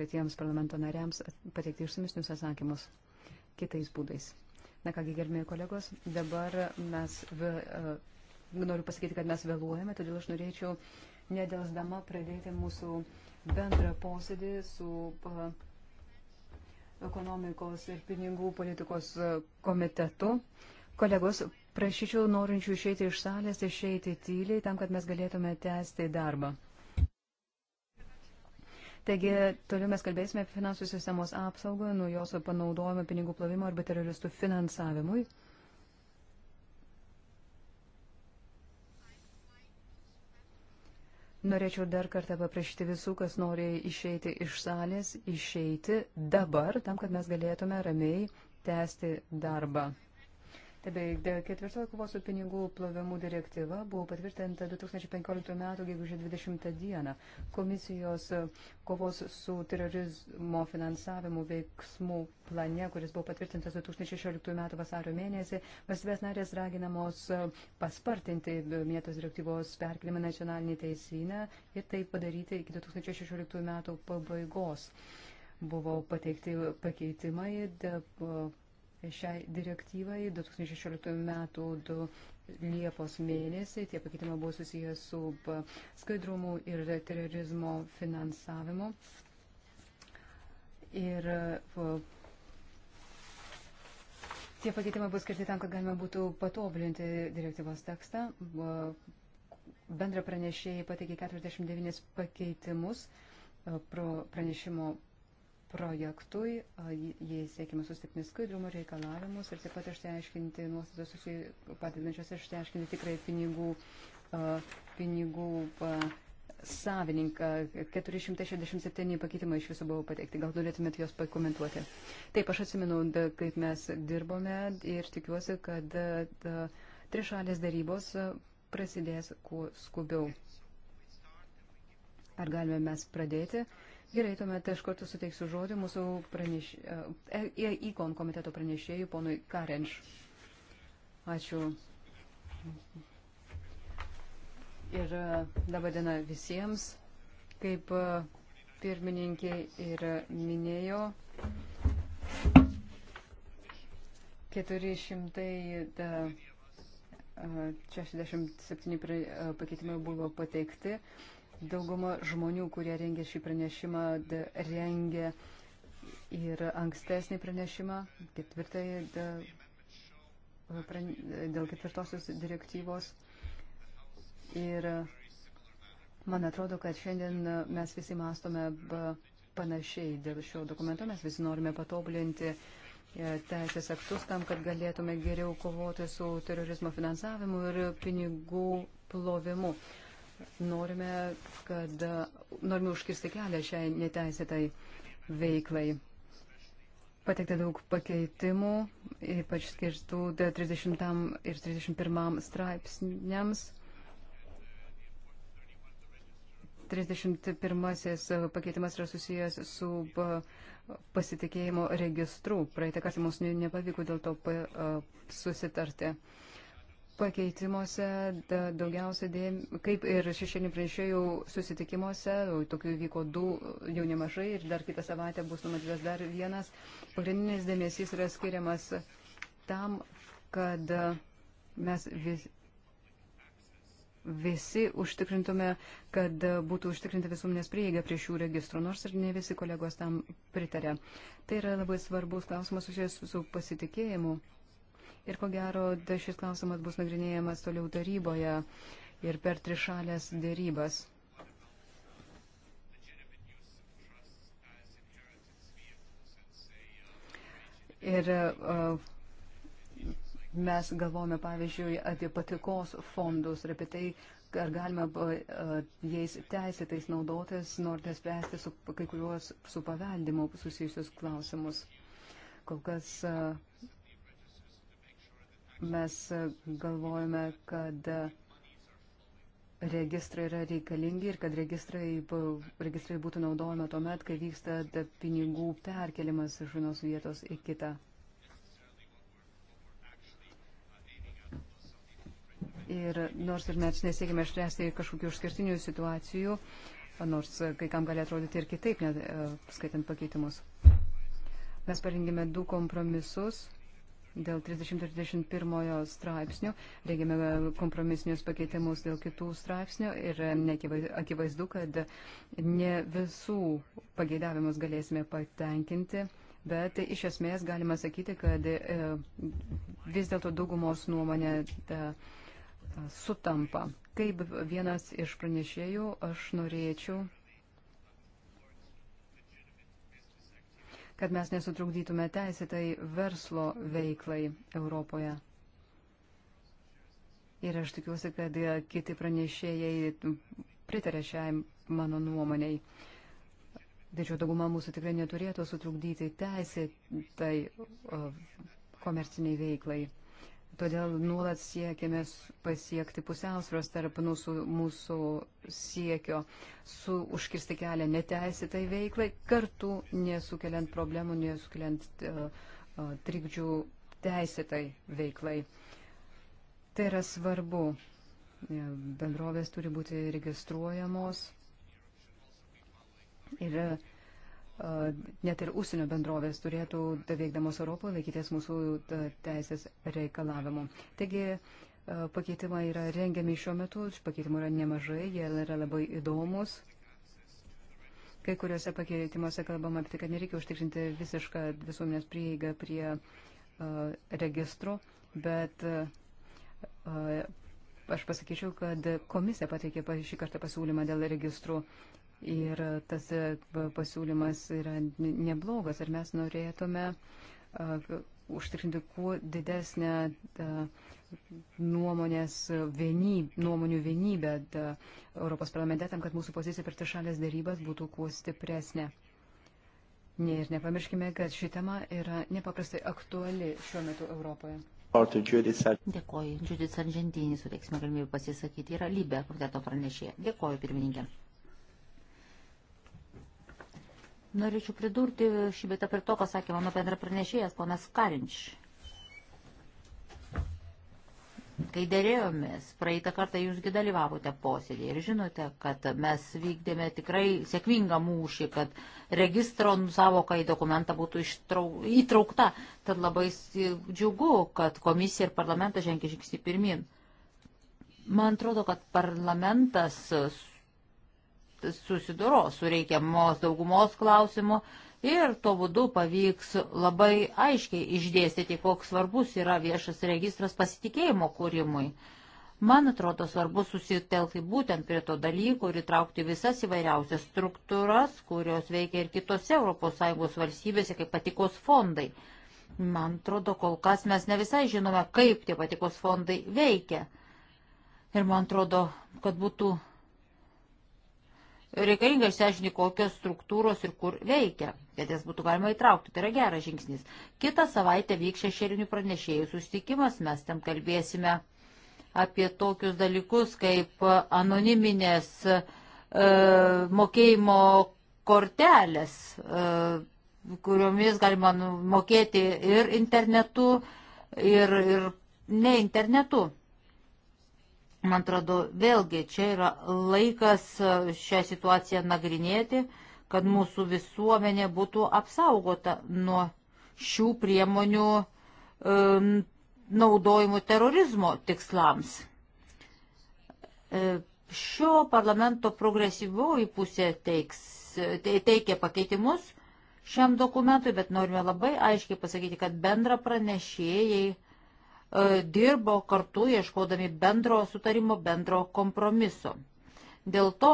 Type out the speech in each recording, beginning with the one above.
konkretiems parlamento nariams pateikti išsamesnius atsakymus kitais būdais. Na kągi, gerbėjai kolegos, dabar mes vė, e, noriu pasakyti, kad mes vėluojame, todėl aš norėčiau nedelsdama pradėti mūsų bendrą posėdį su e, ekonomikos ir pinigų politikos komitetu. Kolegos, prašyčiau norinčių išeiti iš salės, išeiti tyliai, tam, kad mes galėtume tęsti darbą. Taigi, toliau mes kalbėsime apie finansų sistemos apsaugą, nuo jos panaudojimą pinigų plovimo arba teroristų finansavimui. Norėčiau dar kartą paprašyti visų, kas nori išeiti iš salės, išeiti dabar, tam, kad mes galėtume ramiai tęsti darbą. Tebe ketvirtoji kovos su pinigų plovimu direktyva buvo patvirtinta 2015 m. gegužė 20 d. Komisijos kovos su terorizmo finansavimu veiksmų plane, kuris buvo patvirtintas 2016 m. vasario mėnesį, valstybės narės raginamos paspartinti mėtos direktyvos perkelimą nacionalinį teisyną ir tai padaryti iki 2016 m. pabaigos. Buvo pateikti pakeitimai. De, šiai direktyvai 2016 metų Liepos mėnesį. Tie pakeitimai buvo susijęs su skaidrumu ir terorizmo finansavimu. Ir tie pakeitimai bus skirti tam, kad galima būtų patobulinti direktyvos tekstą. Bendra pranešėjai pateikė 49 pakeitimus e, pro pranešimo projektui. Jie siekime sustiprinti skaidrumo reikalavimus ir taip pat išsiaiškinti nuostatas padedančias išsiaiškinti tikrai pinigų, pinigų savininką. 467 pakeitimai iš viso buvo pateikti. Gal norėtumėt juos pakomentuoti? Taip, aš atsimenu, kaip mes dirbome ir tikiuosi, kad trišalės darybos prasidės kuo skubiau. Ar galime mes pradėti? Gerai, tuomet aš kartu suteiksiu žodį mūsų praneš... įkon e, e, komiteto pranešėjui, ponui Karenš. Ačiū. Ir dabar e, diena visiems. Kaip pirmininkė ir minėjo, 467 pakeitimai buvo pateikti. Dauguma žmonių, kurie rengė šį pranešimą, rengė ir ankstesnį pranešimą, ketvirtai, dėl ketvirtosios direktyvos. Ir man atrodo, kad šiandien mes visi mąstome panašiai dėl šio dokumento, mes visi norime patobulinti e, teisės aktus tam, kad galėtume geriau kovoti su terorizmo finansavimu ir pinigų plovimu norime, kad norime užkirsti kelią šiai neteisėtai veiklai. Pateikta daug pakeitimų, ypač skirtų 30 ir 31 straipsniams. 31 pakeitimas yra susijęs su uh, pasitikėjimo registru. Praeitą kartą mums nepavyko dėl to uh, susitarti pakeitimuose daugiausia dėmesio, kaip ir šešėlinių pranešėjų susitikimuose, tokių vyko du jau nemažai ir dar kitą savaitę bus numatytas dar vienas, pagrindinis dėmesys yra skiriamas tam, kad mes vis, visi užtikrintume, kad būtų užtikrinta visuomenės prieiga prie šių registrų, nors ir ne visi kolegos tam pritarė. Tai yra labai svarbus klausimas susijęs su pasitikėjimu. Su Ir ko gero, šis klausimas bus nagrinėjamas toliau taryboje ir per trišalės dėrybas. Ir uh, mes galvome, pavyzdžiui, apie patikos fondus ir apie tai, ar galime uh, jais teisėtais naudotis, norint spręsti su kai kuriuos su paveldimu susijusius klausimus. Kol kas uh, Mes galvojame, kad registrai yra reikalingi ir kad registrai, registrai būtų naudojama tuomet, kai vyksta pinigų perkelimas iš vienos vietos į kitą. Ir nors ir mes nesiekime išspręsti kažkokių išskirtinių situacijų, nors kai kam gali atrodyti ir kitaip, net e, skaitant pakeitimus. Mes parengėme du kompromisus dėl 30-31 straipsnių, rengėme kompromisinius pakeitimus dėl kitų straipsnių ir e, akivaizdu, kad ne visų pageidavimus galėsime patenkinti. Bet iš esmės galima sakyti, kad e, vis dėlto daugumos nuomonė e, sutampa. Kaip vienas iš pranešėjų, aš norėčiau kad mes nesutrukdytume teisėtai verslo veiklai Europoje. Ir aš tikiuosi, kad kiti pranešėjai pritarė šiai mano nuomoniai. Didžio dauguma mūsų tikrai neturėtų sutrukdyti teisėtai komerciniai veiklai. Todėl nuolat siekime pasiekti pusiausvros tarp mūsų, mūsų siekio su užkirsti kelią neteisėtai veiklai, kartu nesukeliant problemų, nesukeliant uh, uh, trikdžių teisėtai veiklai. Tai yra svarbu. E, bendrovės turi būti registruojamos. Ir uh, net ir užsienio bendrovės turėtų, veikdamos Europoje, laikytis mūsų teisės reikalavimų. Taigi, pakeitimai yra rengiami šiuo metu, pakeitimų yra nemažai, jie yra labai įdomus. Kai kuriuose pakeitimuose kalbama apie tai, kad nereikia užtikrinti visišką visuomenės prieigą prie uh, registro, bet uh, aš pasakyčiau, kad komisija pateikė šį kartą pasiūlymą dėl registrų uh, Ir tas e, pasiūlymas yra neblogas. Ir mes norėtume e, užtikrinti kuo didesnę e, nuomonės vienyb, nuomonių vienybę Europos parlamente, tam, kad mūsų pozicija per trišalės darybas būtų kuo stipresnė. Ne, ir nepamirškime, kad ši tema yra nepaprastai aktuali šiuo metu Europoje. Dėkoju. Džiudis Argentinis, suteiksime galimybę pasisakyti, yra Libė komiteto pranešėja. Dėkoju, pirmininkė. Norėčiau pridurti šį betą prie to, ką sakė mano bendra pranešėjas, ponas Karinč. Kai dėrėjomės, praeitą kartą jūsgi dalyvavote posėdėje ir žinote, kad mes vykdėme tikrai sėkmingą mūšį, kad registro savoka į dokumentą būtų ištrauk, įtraukta. Tad labai džiugu, kad komisija ir parlamentas žengia žingsnį pirmin. Man atrodo, kad parlamentas susidoros su reikiamos daugumos klausimu ir tuo būdu pavyks labai aiškiai išdėstyti, koks svarbus yra viešas registras pasitikėjimo kūrimui. Man atrodo svarbu susitelkti būtent prie to dalyko ir įtraukti visas įvairiausias struktūras, kurios veikia ir kitose ES valstybėse, kaip patikos fondai. Man atrodo, kol kas mes ne visai žinome, kaip tie patikos fondai veikia. Ir man atrodo, kad būtų reikalinga išsiaiškinti, kokios struktūros ir kur veikia, kad jas būtų galima įtraukti. Tai yra geras žingsnis. Kitą savaitę vyks šešėlinių pranešėjų sustikimas, mes ten kalbėsime apie tokius dalykus kaip anoniminės e, mokėjimo kortelės, e, kuriomis galima nu, mokėti ir internetu, ir, ir ne internetu. Man atrodo, vėlgi čia yra laikas e, šią situaciją nagrinėti, kad mūsų visuomenė būtų apsaugota nuo šių priemonių um, naudojimų terorizmo tikslams. E, šio parlamento progresyvioji pusė teiks, te, teikia pakeitimus šiam dokumentui, bet norime labai aiškiai pasakyti, kad bendra pranešėjai E, dirbo kartu ieškodami bendro sutarimo, bendro kompromiso. Dėl to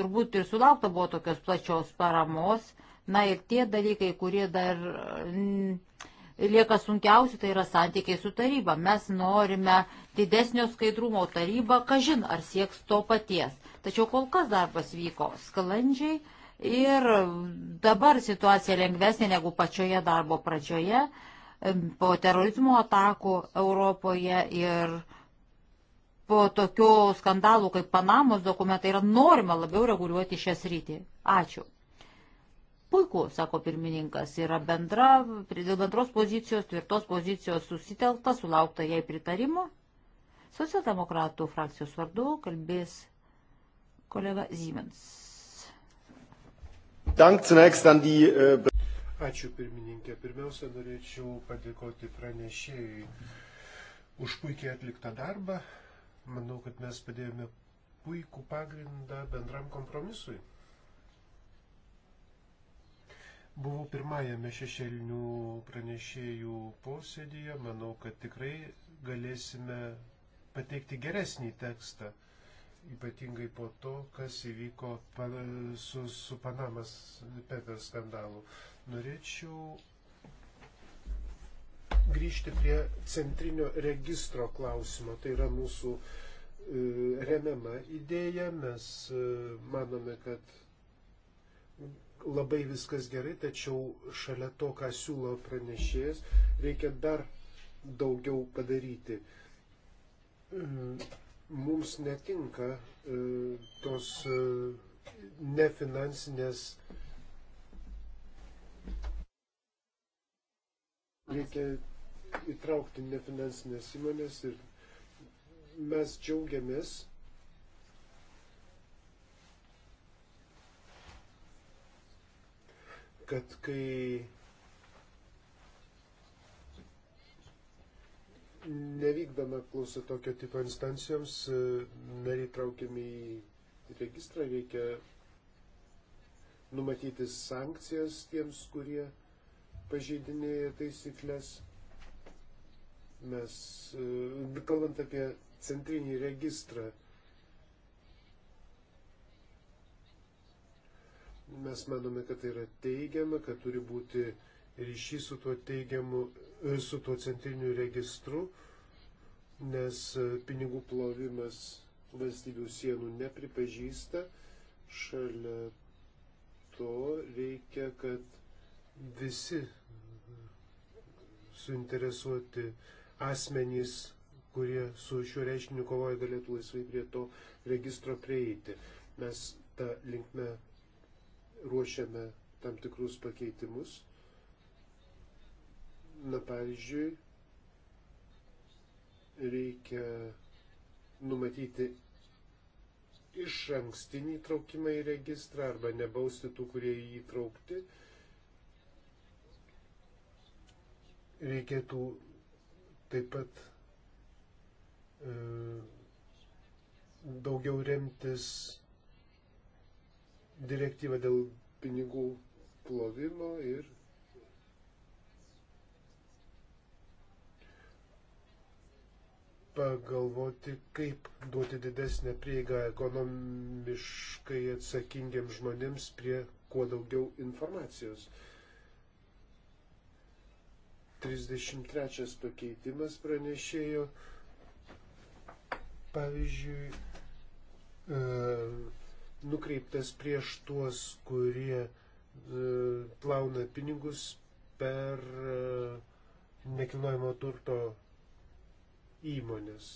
turbūt ir sulaukta buvo tokios plačios paramos. Na ir tie dalykai, kurie dar mm, lieka sunkiausi, tai yra santykiai su taryba. Mes norime didesnio skaidrumo taryba, kažin ar sieks to paties. Tačiau kol kas darbas vyko sklandžiai ir dabar situacija lengvesnė negu pačioje darbo pradžioje po terorizmo atakų Europoje ir po tokių skandalų kaip Panamos dokumentai yra norima labiau reguliuoti šią sritį. Ačiū. Puiku, sako pirmininkas, yra bendra, dėl bendros pozicijos, tvirtos pozicijos susitelta, sulaukta jai pritarimo. Socialdemokratų frakcijos vardu kalbės kolega Siemens. Dank zunächst an die äh, Ačiū pirmininkė. Pirmiausia, norėčiau padėkoti pranešėjai už puikiai atliktą darbą. Manau, kad mes padėjome puikų pagrindą bendram kompromisui. Buvau pirmajame šešėlinių pranešėjų posėdėje. Manau, kad tikrai galėsime pateikti geresnį tekstą ypatingai po to, kas įvyko su, su Panamas Peper skandalu. Norėčiau grįžti prie centrinio registro klausimo. Tai yra mūsų e, remiama idėja. Mes e, manome, kad labai viskas gerai, tačiau šalia to, ką siūlo pranešėjas, reikia dar daugiau padaryti. E, mums netinka tos nefinansinės reikia įtraukti nefinansinės įmonės ir mes džiaugiamės, kad kai nevykdoma apklausa tokio tipo instancijoms, e, nariai traukiami į registrą, reikia numatyti sankcijas tiems, kurie pažeidinėja taisyklės. Mes, e, kalbant apie centrinį registrą, mes manome, kad tai yra teigiama, kad turi būti ryšys su tuo teigiamu, e, su tuo centriniu registru, nes e, pinigų plovimas valstybių sienų nepripažįsta. Šalia to reikia, kad visi suinteresuoti asmenys, kurie su šiuo reiškiniu kovoja, galėtų laisvai prie to registro prieiti. Mes tą linkme ruošiame tam tikrus pakeitimus. Na pavyzdžiui, reikia numatyti iš ankstinį traukimą į registrą arba nebausti tų, kurie jį traukti. Uh, reikėtų taip pat e, daugiau remtis direktyvą dėl pinigų plovimo ir pagalvoti, kaip duoti didesnę prieigą ekonomiškai atsakingiems žmonėms prie kuo daugiau informacijos. E, 33 pakeitimas pranešėjo, pavyzdžiui, e, nukreiptas prieš tuos, kurie e, plauna pinigus per e, nekilnojamo turto įmonės.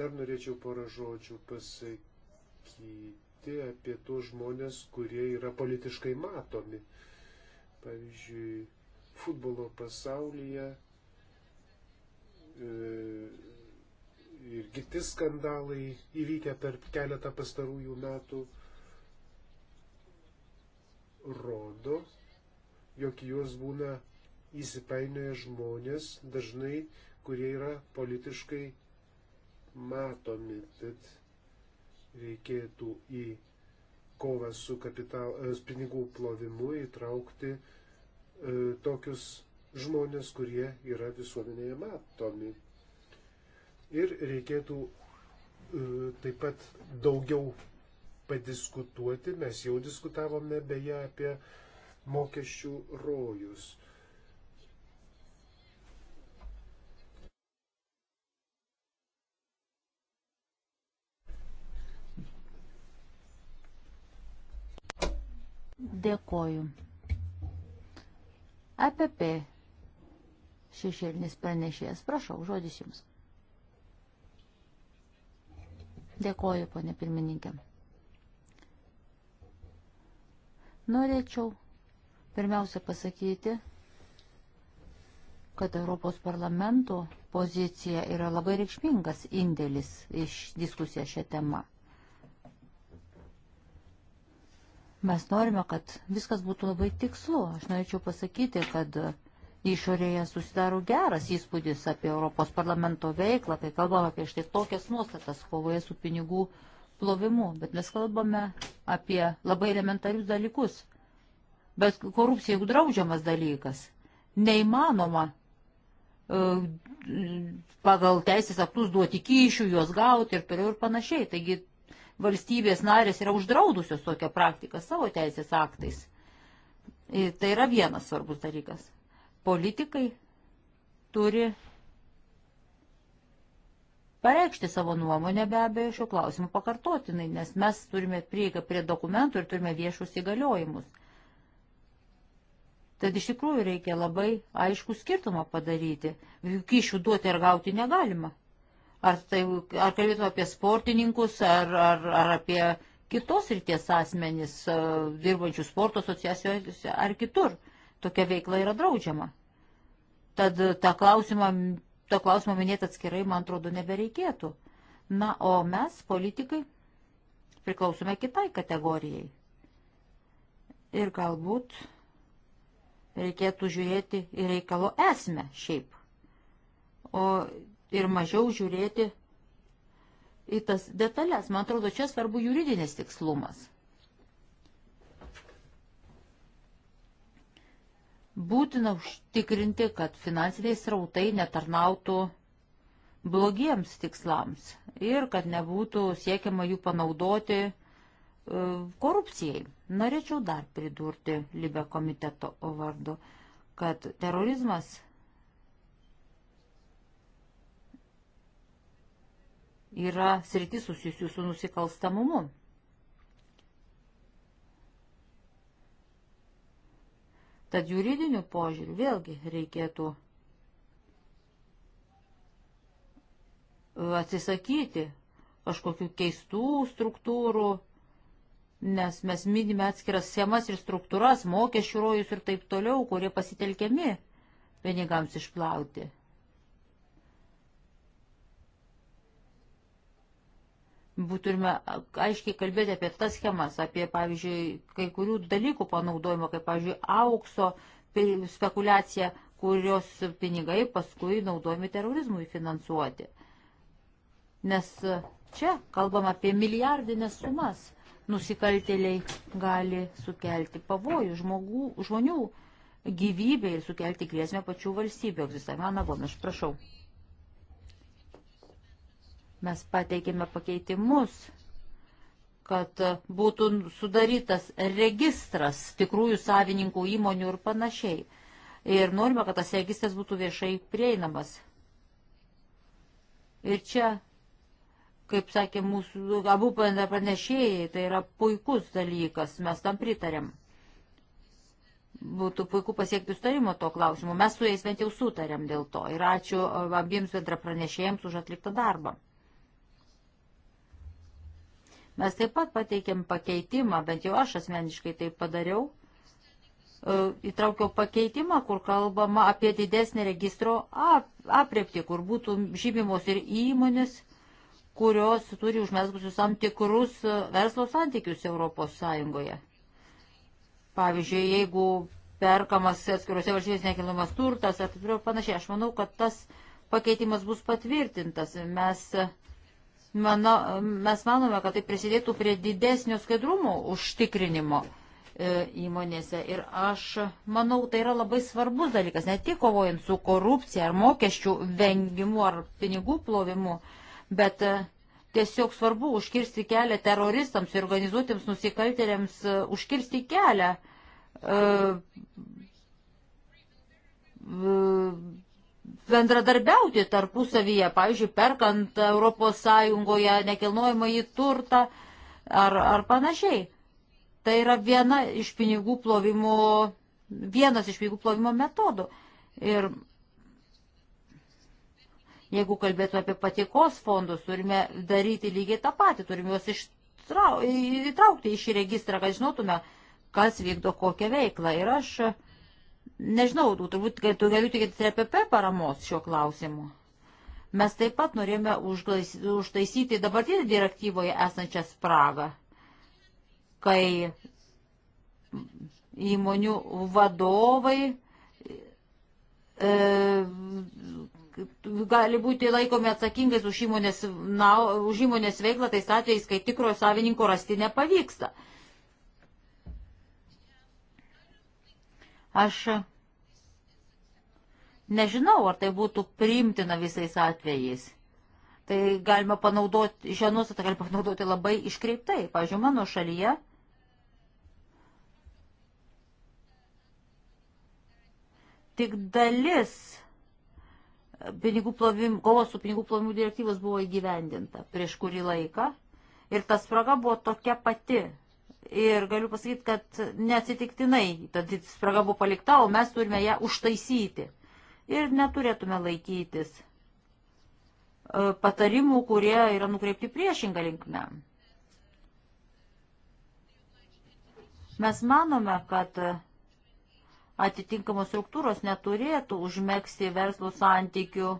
Dar norėčiau porą žodžių pasakyti apie tuos žmonės, kurie yra politiškai matomi. Pavyzdžiui, futbolo pasaulyje e, ir kiti skandalai įvykę per keletą pastarųjų metų rodo, jog juos būna įsipainioja žmonės dažnai, kurie yra politiškai matomi. Tad reikėtų į kovą su kapital, e, pinigų plovimu įtraukti E, tokius žmonės, kurie yra visuomenėje matomi. Ir reikėtų e, taip pat daugiau padiskutuoti, mes jau diskutavome beje apie mokesčių rojus. Dėkoju. EPP šešėlinis pranešėjas. Prašau, žodis jums. Dėkoju, ponė pirmininkė. Norėčiau pirmiausia pasakyti, kad Europos parlamento pozicija yra labai reikšmingas indėlis iš diskusiją šią temą. Mes norime, kad viskas būtų labai tikslu. Aš norėčiau pasakyti, kad išorėje susidaro geras įspūdis apie Europos parlamento veiklą, kai kalbame apie štai tokias nuostatas kovoje su pinigų plovimu, bet mes kalbame apie labai elementarius dalykus. Bet korupcija juk draudžiamas dalykas. Neįmanoma e, pagal teisės aktus duoti kyšių, juos gauti ir toliau ir panašiai. Taigi valstybės narės yra uždraudusios tokią praktiką savo teisės aktais. Ir tai yra vienas svarbus dalykas. Politikai turi pareikšti savo nuomonę be abejo šio klausimu pakartotinai, nes mes turime prieigą prie dokumentų ir turime viešus įgaliojimus. Tad iš tikrųjų reikia labai aišku skirtumą padaryti. Juk kyšių duoti ar gauti negalima. Ar, tai, ar kalbėtume apie sportininkus, ar, ar, ar apie kitos ryties asmenys, e, dirbančių sporto asociacijose ar kitur. Tokia veikla yra draudžiama. Tad tą klausimą, tą klausimą minėti atskirai, man atrodo, nebereikėtų. Na, o mes, politikai, priklausome kitai kategorijai. Ir galbūt reikėtų žiūrėti į reikalo esmę šiaip. O ir mažiau žiūrėti į tas detalės. Man atrodo, čia svarbu juridinis tikslumas. Būtina užtikrinti, kad finansiniai srautai netarnautų blogiems tikslams ir kad nebūtų siekiama jų panaudoti e, korupcijai. Norėčiau dar pridurti Libe komiteto vardu, kad terorizmas yra sritis susijusių su nusikalstamumu. Tad juridinių požiūrių vėlgi reikėtų atsisakyti kažkokių keistų struktūrų, nes mes minime atskiras schemas ir struktūras, mokesčių rojus ir taip toliau, kurie pasitelkiami pinigams išplauti. turime aiškiai kalbėti apie tas schemas, apie, pavyzdžiui, kai kurių dalykų panaudojimo, kaip, pavyzdžiui, aukso spekulacija, kurios pinigai paskui naudojami terorizmui finansuoti. Nes čia kalbam apie milijardinės sumas. Nusikaltėliai gali sukelti pavojų žmogų, žmonių gyvybę ir sukelti grėsmę pačių valstybių egzistavimą. Na, bon, aš prašau. Mes pateikėme pakeitimus, kad būtų sudarytas registras tikrųjų savininkų įmonių ir panašiai. Ir norime, kad tas registras būtų viešai prieinamas. Ir čia, kaip sakė mūsų abu pranešėjai, tai yra puikus dalykas, mes tam pritarėm. Būtų puiku pasiekti sutarimo to klausimu. Mes su jais bent jau sutarėm dėl to. Ir ačiū abiems bendra pranešėjams už atliktą darbą. Mes taip pat pateikėm pakeitimą, bent jau aš asmeniškai tai padariau. E, įtraukiau pakeitimą, kur kalbama apie didesnį registro apriepti, kur būtų žymimos ir įmonės, kurios turi užmesgusius tam tikrus e, verslo santykius Europos Sąjungoje. Pavyzdžiui, jeigu perkamas atskiruose valstybės nekilnojamas turtas ar taip panašiai, aš manau, kad tas pakeitimas bus patvirtintas. Mes Mano, mes manome, kad tai prisidėtų prie didesnio skaidrumo užtikrinimo e, įmonėse. Ir aš manau, tai yra labai svarbus dalykas, ne tik kovojant su korupcija ar mokesčių vengimu ar pinigų plovimu, bet e, tiesiog svarbu užkirsti kelią teroristams ir organizuotiems nusikaltėliams, e, užkirsti kelią. Uh, uh, bendradarbiauti tarpusavyje, pavyzdžiui, perkant ES nekilnojimą į turtą ar, ar panašiai. Tai yra viena iš pinigų plovimo, vienas iš pinigų plovimo metodų. Ir jeigu kalbėtume apie patikos fondus, turime daryti lygiai tą patį, turime juos ištraukti, įtraukti į šį registrą, kad žinotume, kas vykdo kokią veiklą. Ir aš Nežinau, turbūt tu galiu tikėtis RPP e paramos šiuo klausimu. Mes taip pat norėjome užtaisyti dabartinį direktyvoje esančią spragą, kai įmonių vadovai e, gali būti laikomi atsakingais už įmonės, na, už įmonės veiklą tais atvejais, kai tikrojo savininko rasti nepavyksta. Aš nežinau, ar tai būtų priimtina visais atvejais. Tai galima panaudoti, šią nuostatą galima panaudoti labai iškreiptai. Pavyzdžiui, mano šalyje tik dalis pinigų plovim, kovos su pinigų plovimu direktyvos buvo įgyvendinta prieš kurį laiką. Ir ta spraga buvo tokia pati. Ir galiu pasakyti, kad neatsitiktinai ta spraga buvo palikta, o mes turime ją užtaisyti. Ir neturėtume laikytis e, patarimų, kurie yra nukreipti priešingą linkmę. Mes manome, kad atitinkamos struktūros neturėtų užmėgsti verslo santykių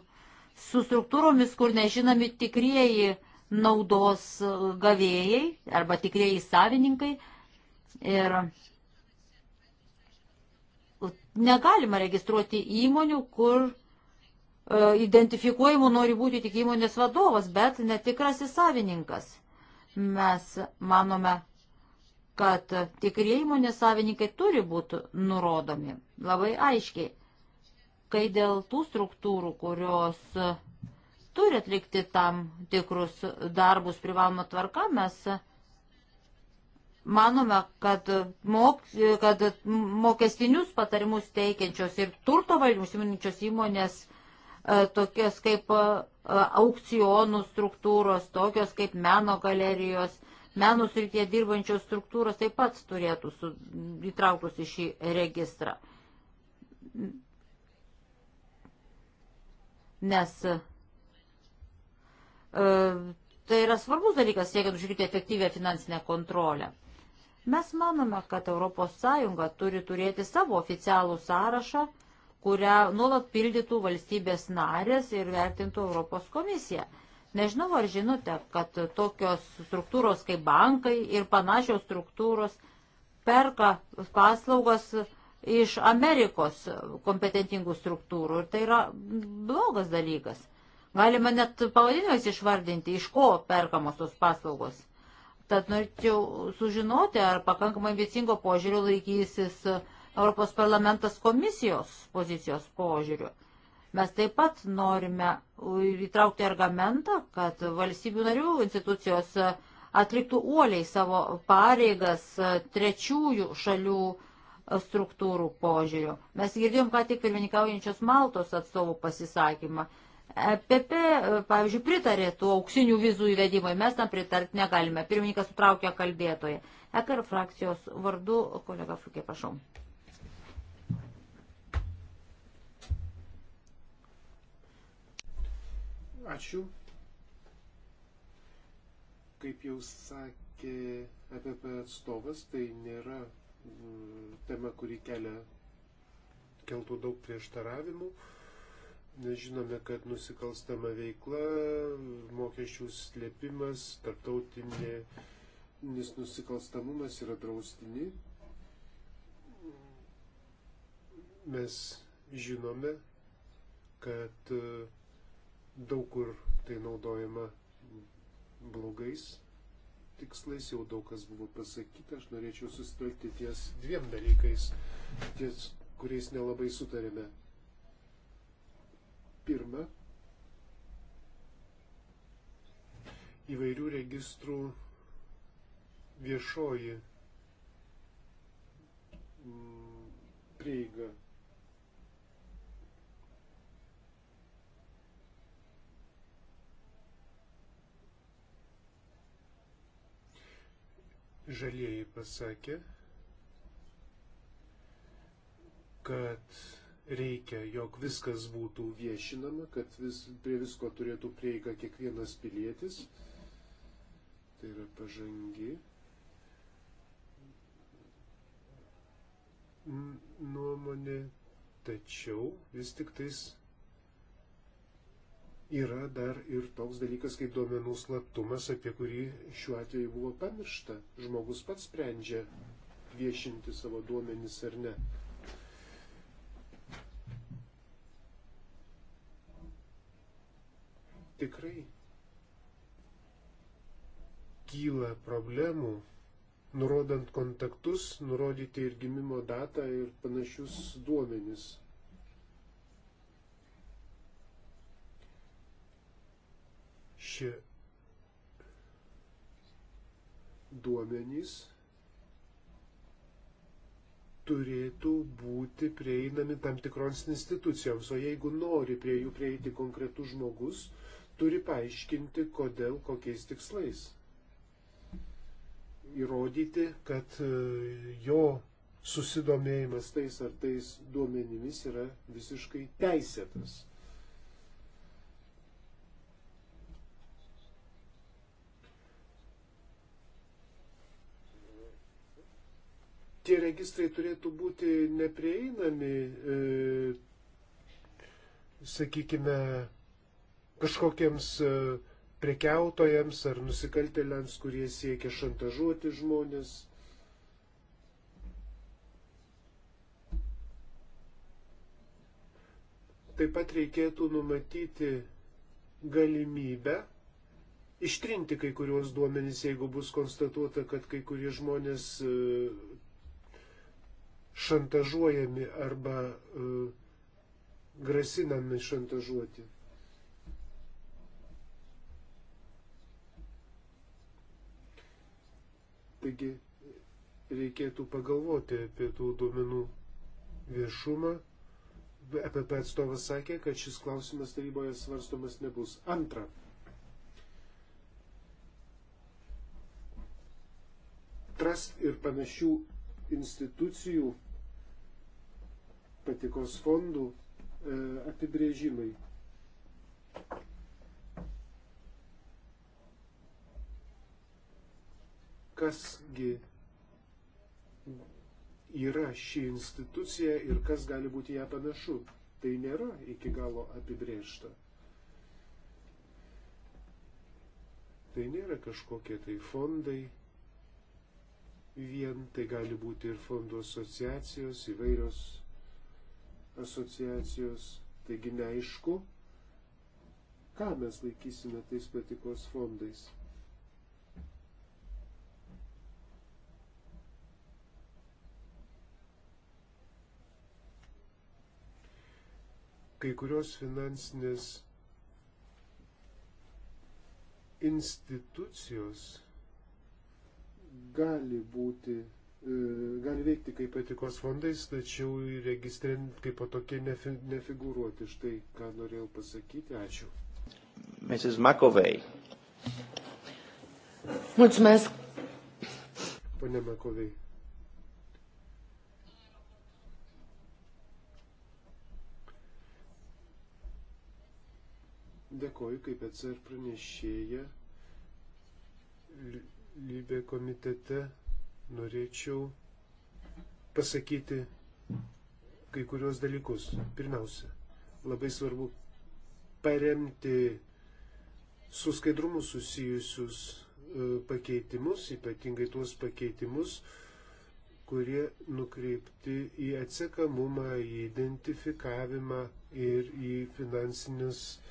su struktūromis, kur nežinomi tikrieji naudos gavėjai arba tikrieji savininkai. Ir negalima registruoti įmonių, kur e, identifikuojimu nori būti tik įmonės vadovas, bet netikrasis savininkas. Mes manome, kad tikrieji įmonės savininkai turi būti nurodomi labai aiškiai, kai dėl tų struktūrų, kurios turi atlikti tam tikrus darbus privalomą tvarką. Mes manome, kad, mok, kad mokestinius patarimus teikiančios ir turto valdymus įmaninčios įmonės e, tokios kaip e, aukcionų struktūros, tokios kaip meno galerijos, meno srityje dirbančios struktūros taip pat turėtų su, įtrauktus į šį registrą. Nes E, tai yra svarbus dalykas, siekiant užtikrinti efektyvę finansinę kontrolę. Mes manome, kad ES turi turėti savo oficialų sąrašą, kurią nuolat pildytų valstybės narės ir vertintų Europos komisija. Nežinau, ar žinote, kad tokios struktūros kaip bankai ir panašios struktūros perka paslaugas iš Amerikos kompetentingų struktūrų ir tai yra blogas dalykas. Galima net pavadinimus išvardinti, iš ko perkamos tos paslaugos. Tad norėčiau sužinoti, ar pakankamai ambicingo požiūriu laikysis Europos parlamentas komisijos pozicijos požiūriu. Mes taip pat norime įtraukti argumentą, kad valstybių narių institucijos atliktų uoliai savo pareigas trečiųjų šalių struktūrų požiūriu. Mes girdėjom ką tik pirmininkaujančios Maltos atstovų pasisakymą. EPP, e, pavyzdžiui, pritarė tų auksinių vizų įvedimui, mes tam pritart negalime. Pirmininkas sutraukė kalbėtoje. EKR frakcijos vardu, kolega Frukė, prašau. Ačiū. Kaip jau sakė EPP atstovas, tai nėra mm, tema, kuri kelia keltų daug prieštaravimų. Uh, Mes žinome, kad nusikalstama veikla, mokesčių slėpimas, tarptautinis nusikalstamumas yra draustini. Mes žinome, kad e, daug kur tai naudojama blogais tikslais, jau daug kas buvo pasakyta, aš norėčiau susitelkti ties dviem dalykais, ties kuriais nelabai sutarėme. Pirma, įvairių registrų viešoji mm, prieiga. Žalieji pasakė, kad reikia, jog viskas būtų viešinama, kad vis, prie visko turėtų prieiga kiekvienas pilietis. Tai yra pažangi. Nuomonė, tačiau vis tik tais yra dar ir toks dalykas kaip duomenų slaptumas, apie kurį šiuo atveju buvo pamiršta. Žmogus pats sprendžia viešinti savo duomenis ar ne. tikrai kyla problemų, nurodant kontaktus, nurodyti ir gimimo datą ir panašius duomenis. Šie duomenys turėtų būti prieinami tam tikroms institucijoms, o jeigu nori prie jų prieiti konkretus žmogus, turi paaiškinti, kodėl, kokiais tikslais. Įrodyti, kad e, jo susidomėjimas tais ar tais duomenimis yra visiškai teisėtas. Tie registrai turėtų būti neprieinami, e, sakykime, kažkokiems e, prekiautojams ar nusikaltėliams, kurie siekia šantažuoti žmonės. Taip pat reikėtų numatyti galimybę ištrinti kai kuriuos duomenys, jeigu bus konstatuota, kad kai kurie žmonės e, šantažuojami arba e, grasinami šantažuoti. Taigi reikėtų pagalvoti apie tų duomenų viešumą. EPP atstovas sakė, kad šis klausimas taryboje svarstomas nebus. Antra. Trust ir panašių institucijų patikos fondų e, apibrėžimai. kasgi yra ši institucija ir kas gali būti ją panašu. Tai nėra iki galo apibrėžta. Tai nėra kažkokie tai fondai. Vien tai gali būti ir fondų asociacijos, įvairios asociacijos. Taigi neaišku, ką mes laikysime tais patikos fondais. kai kurios finansinės institucijos gali būti, e, gali veikti kaip etikos fondais, tačiau registrint kaip po tokie nefi, nefigūruoti. Štai ką norėjau pasakyti. Ačiū. Mrs. McAvey. Mulțumesc. Pune McAvey. Dėkoju kaip ECR pranešėja lybė komitete. Norėčiau pasakyti kai kurios dalykus. Pirmiausia, labai svarbu paremti su skaidrumu susijusius e, pakeitimus, ypatingai tuos pakeitimus, kurie nukreipti į atsekamumą, į identifikavimą ir į finansinės uh,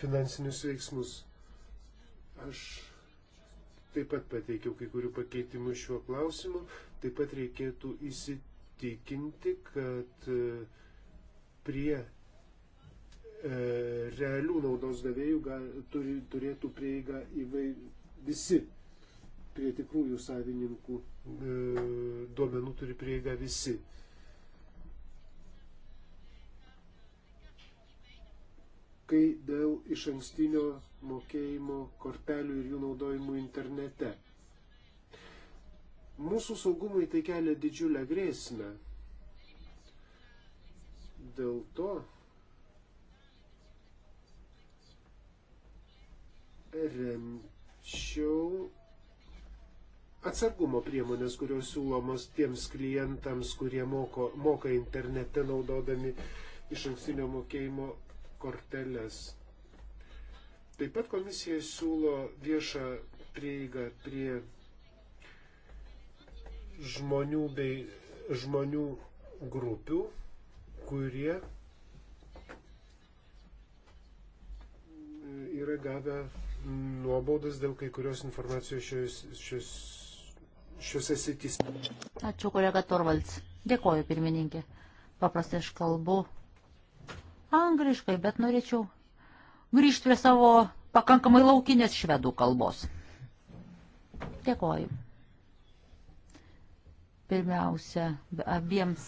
finansinius veiksmus. Aš taip pat pateikiau kai kurių pakeitimų šiuo klausimu. Taip pat reikėtų įsitikinti, kad e, prie e, realių naudos gavėjų gal, turi, turėtų prieigą įvai, visi. Prie tikrųjų savininkų e, duomenų turi prieigą visi. kai dėl iš ankstinio mokėjimo kortelių ir jų naudojimų internete. Mūsų saugumui tai kelia didžiulę grėsmę. Dėl to remčiau atsargumo priemonės, kurios siūlomos tiems klientams, kurie moko, moka internete naudodami iš ankstinio mokėjimo korteles. Taip pat komisija siūlo viešą prieigą prie žmonių bei žmonių grupių, kurie yra gavę nuobaudas dėl kai kurios informacijos šios, šios, šiose sitys. Ačiū kolega Torvalds. Dėkoju pirmininkė. Paprastai aš kalbu angliškai, bet norėčiau grįžti prie savo pakankamai laukinės švedų kalbos. Dėkoju. Pirmiausia, abiems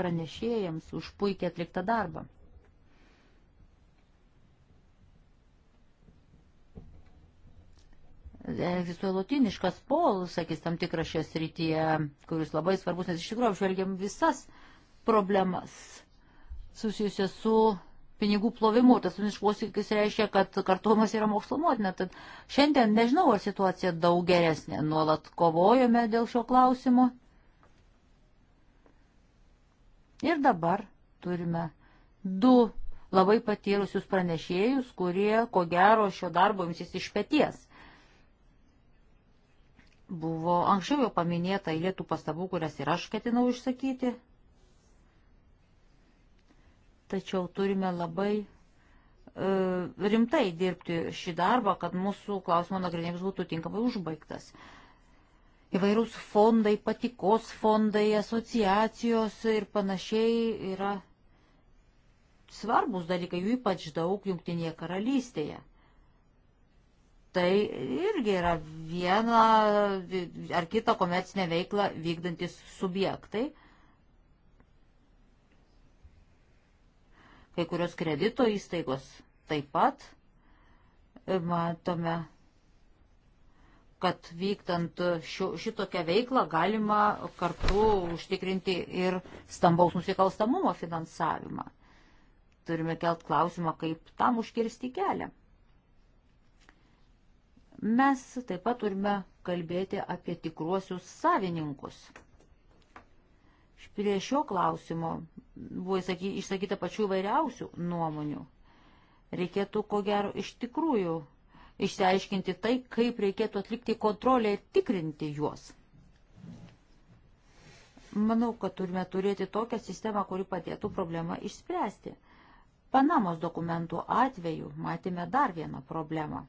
pranešėjams už puikiai atliktą darbą. egzistuoja lotiniškas polusakis tam tikras šios rytyje, kuris labai svarbus, nes iš tikrųjų apžvelgiam visas problemas susijusias su pinigų plovimu. Tas mūsų posakis reiškia, kad kartuomas yra mokslo motina. Tad šiandien nežinau, ar situacija daug geresnė. Nuolat kovojome dėl šio klausimo. Ir dabar turime du labai patyrusius pranešėjus, kurie, ko gero, šio darbo imsis iš pėties. Buvo anksčiau jau paminėta įlėtų pastabų, kurias ir aš ketinau išsakyti tačiau turime labai e, rimtai dirbti šį darbą, kad mūsų klausimo nagrinėjimas būtų tinkamai užbaigtas. Įvairūs fondai, patikos fondai, asociacijos ir panašiai yra svarbus dalykai, jų ypač daug jungtinėje karalystėje. Tai irgi yra viena ar kita komercinė veikla vykdantis subjektai, kai kurios kredito įstaigos taip pat matome, kad vyktant šitokią veiklą galima kartu užtikrinti ir stambaus nusikalstamumo finansavimą. Turime kelt klausimą, kaip tam užkirsti kelią. Mes taip pat turime kalbėti apie tikruosius savininkus Prie šio klausimo buvo išsakyta pačių vairiausių nuomonių. Reikėtų, ko gero, iš tikrųjų išsiaiškinti tai, kaip reikėtų atlikti kontrolę ir tikrinti juos. Manau, kad turime turėti tokią sistemą, kuri padėtų problemą išspręsti. Panamos dokumentų atveju matėme dar vieną problemą.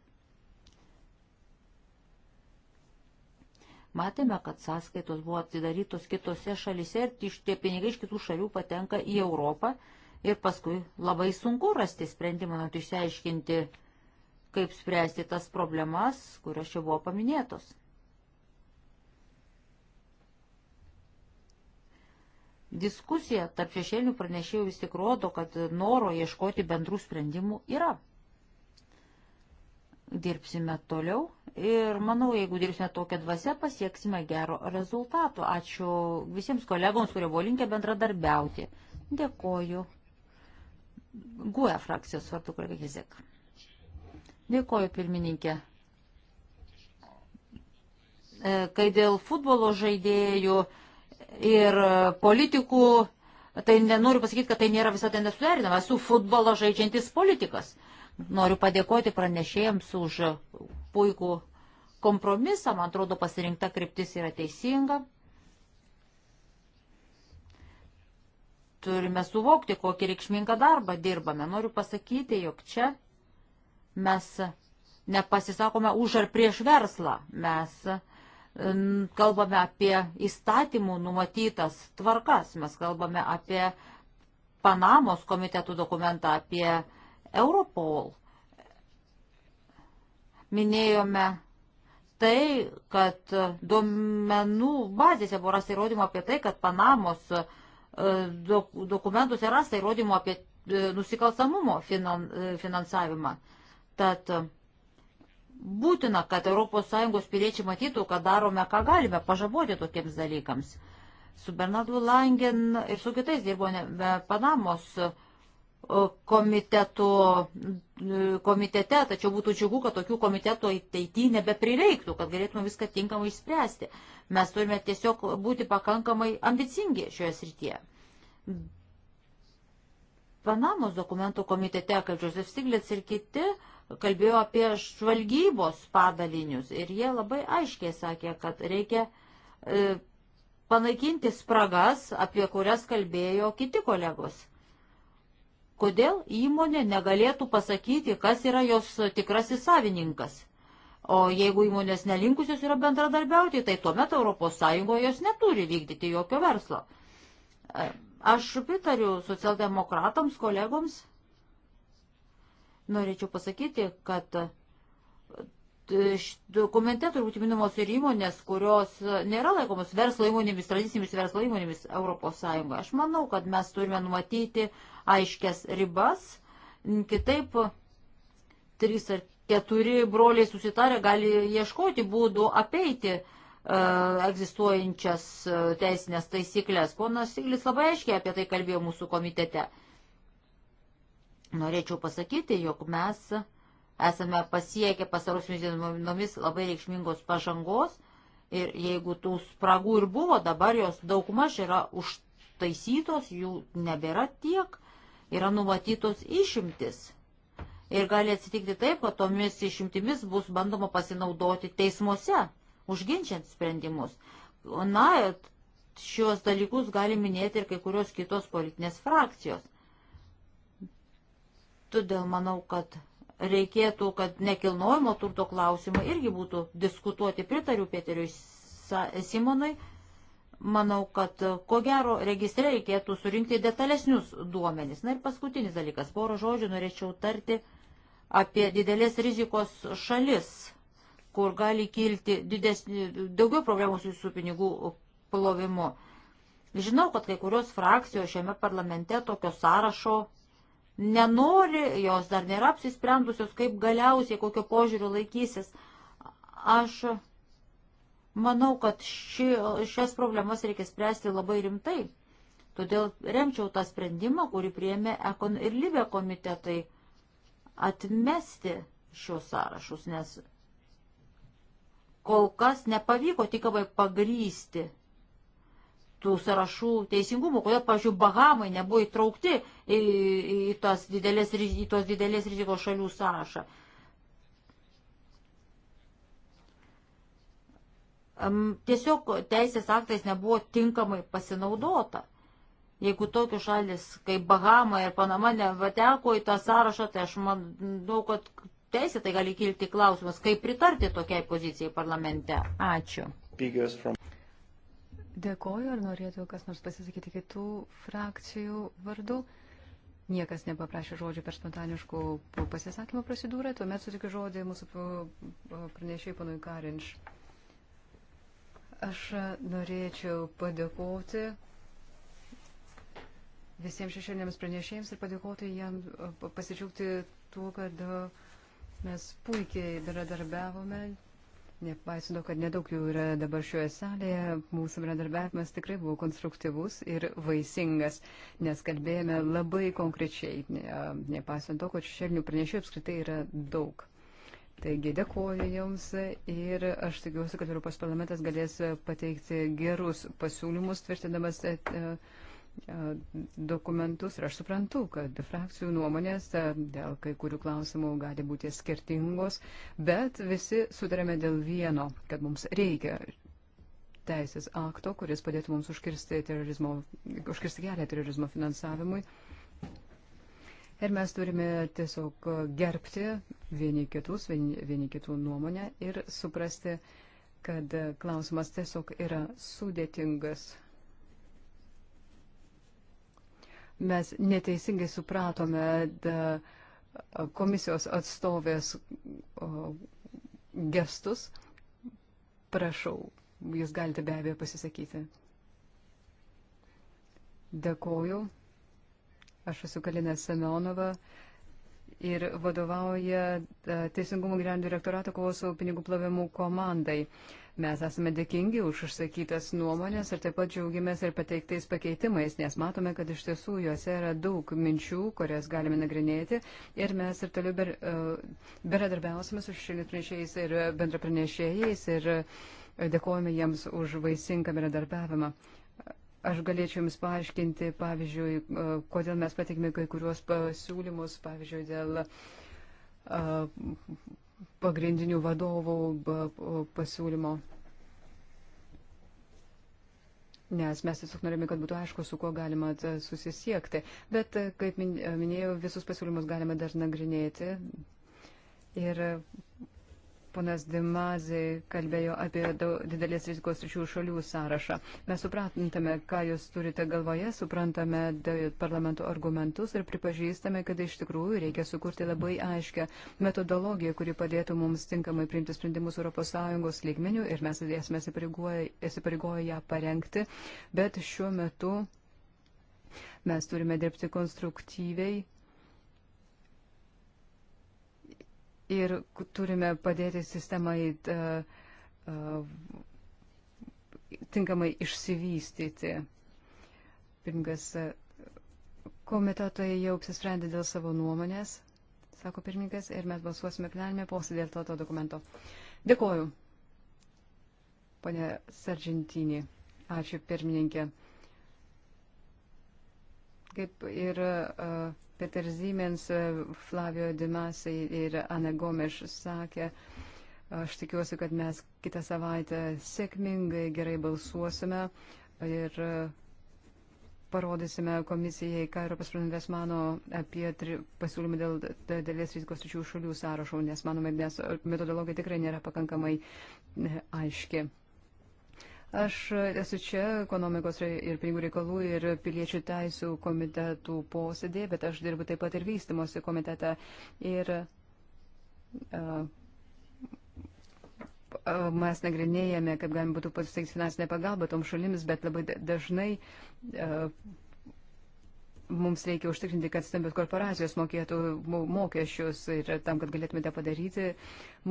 Matėme, kad sąskaitos buvo atidarytos kitose šalise ir tie pinigai iš kitų šalių patenka į Europą ir paskui labai sunku rasti sprendimą, nu, išsiaiškinti, kaip spręsti tas problemas, kurios čia buvo paminėtos. Diskusija tarp šešėlių pranešėjų vis tik rodo, kad noro ieškoti bendrų sprendimų yra dirbsime toliau ir manau, jeigu dirbsime tokią dvasę, pasieksime gero rezultato. Ačiū visiems kolegoms, kurie buvo linkę bendradarbiauti. Dėkoju. Guoja frakcijos vartų kolega Gizek. Dėkoju, pirmininkė. E, kai dėl futbolo žaidėjų ir politikų, tai nenoriu pasakyti, kad tai nėra visą ten nesuderinama. Esu futbolo žaidžiantis politikas. Uh, Noriu padėkoti pranešėjams už puikų kompromisą. Man atrodo, pasirinkta kryptis yra teisinga. Turime suvokti, kokį reikšmingą darbą dirbame. Noriu pasakyti, jog čia mes nepasisakome už ar prieš verslą. Mes kalbame apie įstatymų numatytas tvarkas, mes kalbame apie Panamos komitetų dokumentą, apie Europol. Minėjome tai, kad duomenų bazėse buvo rasta įrodymų apie tai, kad Panamos e, dokumentuose rasta įrodymų apie e, nusikalstamumo e, finansavimą. Tad būtina, kad ES piliečiai matytų, kad darome, ką galime pažaboti tokiems dalykams. Su Bernardu Langen ir su kitais dirbome Panamos dokumentuose komitetu, komitete, tačiau būtų džiugu, kad tokių komitetų ateityje nebeprireiktų, kad galėtume viską tinkamai išspręsti. Mes turime tiesiog būti pakankamai ambicingi šioje srityje. Panamos dokumentų komitete, kaip Josef Stiglitz ir kiti, kalbėjo apie žvalgybos padalinius ir jie labai aiškiai sakė, kad reikia e, panaikinti spragas, apie kurias kalbėjo kiti kolegos. Kodėl įmonė negalėtų pasakyti, kas yra jos tikrasis savininkas? O jeigu įmonės nelinkusios yra bendradarbiauti, tai tuomet ES jos neturi vykdyti jokio verslo. E, aš pritariu socialdemokratams, kolegoms. Norėčiau pasakyti, kad Dokumente turbūt minimos ir įmonės, kurios e, nėra laikomos verslo įmonėmis, tradicinėmis verslo įmonėmis ES. Aš manau, kad mes turime numatyti aiškias ribas, kitaip trys ar keturi broliai susitarę gali ieškoti būdų apeiti e, egzistuojančias e, teisinės taisyklės. Ponas Siglis labai aiškiai apie tai kalbėjo mūsų komitete. Norėčiau pasakyti, jog mes Esame pasiekę pasarosiomis dienomis labai reikšmingos pažangos ir jeigu tų spragų ir buvo, dabar jos daugmaž yra užtaisytos, jų nebėra tiek, yra numatytos išimtis. Ir gali atsitikti taip, kad tomis išimtimis bus bandoma pasinaudoti teismuose, užginčiant sprendimus. Na, šios dalykus gali minėti ir kai kurios kitos politinės frakcijos. Todėl manau, kad reikėtų, kad nekilnojimo turto klausimai irgi būtų diskutuoti. Pritariu Pėteriui Simonui. Manau, kad ko gero registre reikėtų surinkti detalesnius duomenis. Na ir paskutinis dalykas. Porą žodžių norėčiau tarti apie didelės rizikos šalis, kur gali kilti didesnį, daugiau problemų su pinigų plovimu. Žinau, kad kai kurios frakcijos šiame parlamente tokio sąrašo nenori, jos dar nėra apsisprendusios, kaip galiausiai, kokio požiūrio laikysis. Aš manau, kad ši, šias problemas reikia spręsti labai rimtai. Todėl remčiau tą sprendimą, kurį priėmė Ekon ir Libė komitetai atmesti šios sąrašus, nes kol kas nepavyko tikamai pagrysti tų sąrašų teisingumų, kodėl, pavyzdžiui, Bahamai nebuvo įtraukti į, į, tos didelės, į tos didelės rizikos šalių sąrašą. Tiesiog teisės aktais nebuvo tinkamai pasinaudota. Jeigu tokios šalis kaip Bahama ir Panama nevateko į tą sąrašą, tai aš manau, kad teisė tai gali kilti klausimas, kaip pritarti tokiai pozicijai parlamente. Ačiū. From... Dėkoju, ar norėtų kas nors pasisakyti kitų frakcijų vardu. Niekas nepaprašė žodžių per spontaniškų pasisakymų procedūrą, tuomet sutikiu žodį mūsų pranešėjai panui Karinč. Aš norėčiau padėkoti visiems šešėlėms pranešėjams ir padėkoti jam, pasidžiaugti tuo, kad mes puikiai bendradarbiavome Nepaisino, kad nedaug jų yra dabar šioje salėje, mūsų bendradarbiavimas tikrai buvo konstruktyvus ir vaisingas, nes kalbėjome labai konkrečiai, nepaisant to, kad šešėlinių pranešėjų apskritai yra daug. Taigi dėkuoju Jums ir aš tikiuosi, kad Europos parlamentas galės pateikti gerus pasiūlymus, tvirtinamas. Et, et, E, dokumentus ir aš suprantu, kad frakcijų nuomonės e, dėl kai kurių klausimų gali būti skirtingos, bet visi sutarėme dėl vieno, kad mums reikia teisės akto, kuris padėtų mums užkirsti, užkirsti kelią terorizmo finansavimui. Ir mes turime tiesiog gerbti vieni kitus, vieni, vieni kitų nuomonę ir suprasti, kad klausimas tiesiog yra sudėtingas mes neteisingai supratome komisijos atstovės gestus. Prašau, jūs galite be abejo pasisakyti. Dėkoju. Aš esu Kalina Semenova ir vadovauja Teisingumo gyvenimo direktorato kovos su pinigų plovimu komandai. Uh, Mes esame dėkingi už išsakytas nuomonės ir taip pat džiaugiamės ir pateiktais pakeitimais, nes matome, kad iš tiesų juose yra daug minčių, kurias galime nagrinėti ir mes ir toliau ber, e, beradarbiausime su šešėlitrinčiais ir bendrapranešėjais ir e, dėkojame jiems už vaisingą beradarbiavimą. Aš galėčiau Jums paaiškinti, pavyzdžiui, e, kodėl mes patikime kai kuriuos pasiūlymus, pavyzdžiui, dėl uh, pagrindinių vadovų pasiūlymo. Nes mes tiesiog norime, kad būtų aišku, su kuo galima susisiekti. Bet, e, kaip e, minėjau, visus pasiūlymus galime dar nagrinėti. Ir ponas Dimazė kalbėjo apie didelės rizikos ryšių šalių sąrašą. Mes suprantame, ką jūs turite galvoje, suprantame parlamento argumentus ir pripažįstame, kad iš tikrųjų reikia sukurti labai aiškę metodologiją, kuri padėtų mums tinkamai priimti sprendimus ES lygmenių ir mes esame įsipareigoję ją parengti. Bet šiuo metu mes turime dirbti konstruktyviai ir turime padėti sistemai e, tinkamai išsivystyti. Pirmingas komitetai jau apsisprendė dėl savo nuomonės, sako pirmininkas, ir mes balsuosime plenarinėme posėdėje dėl to, to dokumento. Dėkoju, ponė Sargentinį. Ačiū, pirmininkė. Kaip ir uh, Peter Siemens, e, Flavio Dimasai ir Ana Gomeš sakė, aš tikiuosi, kad mes kitą savaitę sėkmingai gerai balsuosime ir e, parodysime komisijai, ką Europos parlamentas mano apie tri, pasiūlymą dėl dalies rizikos tričių šalių sąrašo, nes manome, nes metodologija tikrai nėra pakankamai e, aiški. Aš esu čia ekonomikos ir pinigų reikalų ir piliečių teisų komitetų posėdėje, bet aš dirbu taip pat ir vystimosi komitete. Ir uh, mes nagrinėjame, kaip galima būtų pasisteigti finansinę pagalbą tom šalims, bet labai dažnai uh, mums reikia užtikrinti, kad stambios korporacijos mokėtų mokesčius ir tam, kad galėtume tą padaryti,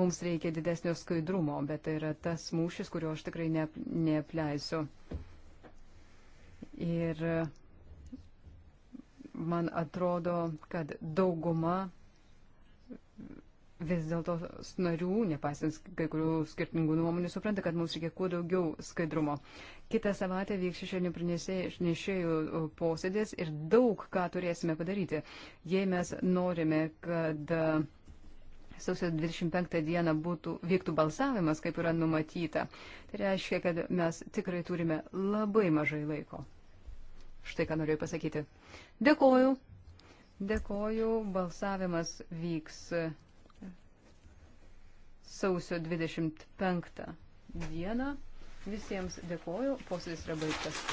mums reikia didesnio skaidrumo, bet tai yra tas mūšis, kurio aš tikrai ne, neapleisiu. Ir man atrodo, kad dauguma vis dėlto narių, nepaisant kai kurių skirtingų nuomonių, supranta, kad mums reikia kuo daugiau skaidrumo. Kitą savaitę vyks šešėlinių pranešėjų posėdės ir daug ką turėsime padaryti, jei mes norime, kad sausio 25 dieną būtų, vyktų balsavimas, kaip yra numatyta. Tai reiškia, kad mes tikrai turime labai mažai laiko. Štai ką norėjau pasakyti. Dėkoju. Dėkoju. Balsavimas vyks sausio 25 dieną. Visiems dėkoju, posėdis yra baigtas.